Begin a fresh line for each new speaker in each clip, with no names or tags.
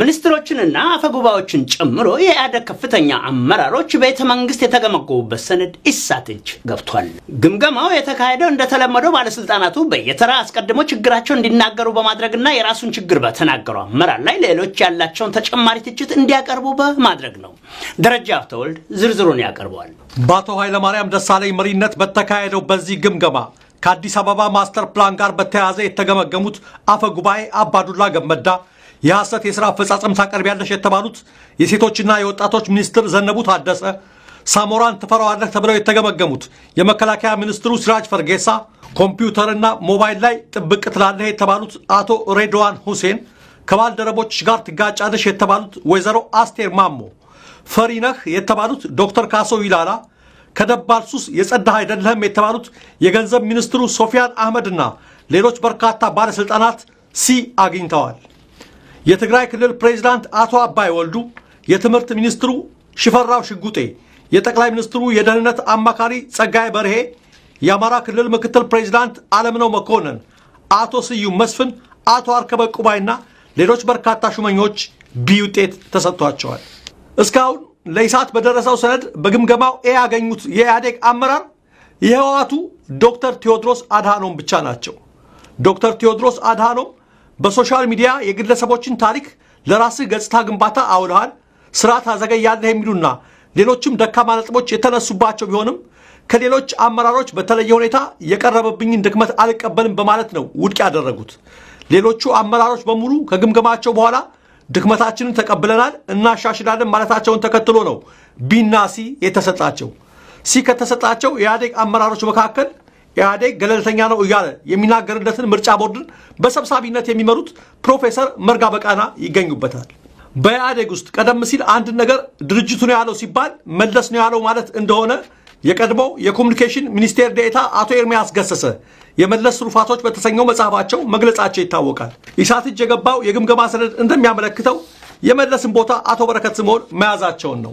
ሚኒስትሮችንና አፈጉባዎችን ጨምሮ የኢህአዴግ ከፍተኛ አመራሮች ቤተ መንግስት የተገመገሙበት ሰነድ ኢሳት እጅ ገብቷል። ግምገማው የተካሄደው እንደተለመደው ባለስልጣናቱ በየተራ አስቀድሞ ችግራቸውን እንዲናገሩ በማድረግና የራሱን ችግር በተናገሩ አመራር ላይ ሌሎች ያላቸውን ተጨማሪ ትችት እንዲያቀርቡ በማድረግ ነው። ደረጃ አፍተወልድ ዝርዝሩን ያቀርበዋል።
በአቶ ኃይለማርያም ደሳለኝ መሪነት በተካሄደው በዚህ ግምገማ ከአዲስ አበባ ማስተር ፕላን ጋር በተያያዘ የተገመገሙት አፈ ጉባኤ አባዱላ ገመዳ የሐሰት የሥራ አፈጻጸም ታቀርቢያለሽ የተባሉት የሴቶችና የወጣቶች ሚኒስትር ዘነቡ ታደሰ፣ ሳሞራን ትፈራዋለህ ተብለው የተገመገሙት የመከላከያ ሚኒስትሩ ሲራጅ ፈርጌሳ፣ ኮምፒውተርና ሞባይል ላይ ጥብቅ ትላለህ የተባሉት አቶ ሬድዋን ሁሴን፣ ከባልደረቦች ጋር ትጋጫለሽ የተባሉት ወይዘሮ አስቴር ማሞ፣ ፈሪነህ የተባሉት ዶክተር ካሶ ይላላ፣ ከደባል ሱስ የጸዳህ አይደለህም የተባሉት የገንዘብ ሚኒስትሩ ሶፊያን አህመድና ሌሎች በርካታ ባለሥልጣናት ሲ አግኝተዋል። የትግራይ ክልል ፕሬዚዳንት አቶ አባይ ወልዱ፣ የትምህርት ሚኒስትሩ ሽፈራው ሽጉጤ፣ የጠቅላይ ሚኒስትሩ የደህንነት አማካሪ ጸጋይ በርሄ፣ የአማራ ክልል ምክትል ፕሬዚዳንት አለምነው መኮንን፣ አቶ ስዩም መስፍን፣ አቶ አርከበ ቁባይና ሌሎች በርካታ ሹመኞች ቢ ውጤት ተሰጥቷቸዋል። እስካሁን ለኢሳት በደረሰው ሰነድ በግምገማው ኤ ያገኙት የኢህአዴግ አመራር የህወሓቱ ዶክተር ቴዎድሮስ አድሃኖም ብቻ ናቸው። ዶክተር ቴዎድሮስ አድሃኖም በሶሻል ሚዲያ የግለሰቦችን ታሪክ ለራስህ ገጽታ ግንባታ አውልሃል፣ ስራ ታዘገያለህ የሚሉና ሌሎችም ደካማ ነጥቦች የተነሱባቸው ቢሆንም ከሌሎች አመራሮች በተለየ ሁኔታ የቀረበብኝን ድክመት አልቀበልም በማለት ነው ውድቅ ያደረጉት። ሌሎቹ አመራሮች በሙሉ ከግምገማቸው በኋላ ድክመታችንን ተቀብለናል እናሻሽላለን ማለታቸውን ተከትሎ ነው ቢና ሲ የተሰጣቸው። ሲ ከተሰጣቸው የኢህአዴግ አመራሮች መካከል ኢህአዴግ ገለልተኛ ነው እያለ የሚናገርለትን ምርጫ ቦርድን በሰብሳቢነት የሚመሩት ፕሮፌሰር መርጋ በቃና ይገኙበታል። በኢህአዴግ ውስጥ ቀደም ሲል አንድ ነገር ድርጅቱ ነው ያለው ሲባል መለስ ነው ያለው ማለት እንደሆነ የቀድሞ የኮሚኒኬሽን ሚኒስቴር ዴኤታ አቶ ኤርሚያስ ገሰሰ የመለስ ትሩፋቶች በተሰኘው መጽሐፋቸው መግለጻቸው ይታወቃል። ኢሳትጅ የገባው የግምገማ ሰነድ እንደሚያመለክተው የመለስን ቦታ አቶ በረከት ስምኦን መያዛቸውን ነው።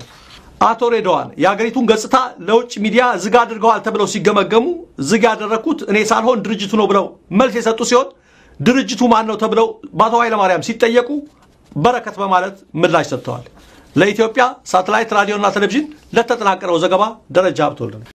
አቶ ሬድዋን የአገሪቱን ገጽታ ለውጭ ሚዲያ ዝግ አድርገዋል ተብለው ሲገመገሙ ዝግ ያደረግኩት እኔ ሳልሆን ድርጅቱ ነው ብለው መልስ የሰጡ ሲሆን ድርጅቱ ማን ነው ተብለው በአቶ ኃይለማርያም ሲጠየቁ በረከት በማለት ምላሽ ሰጥተዋል። ለኢትዮጵያ ሳተላይት ራዲዮና ቴሌቪዥን ለተጠናቀረው ዘገባ ደረጃ ሀብተወልድ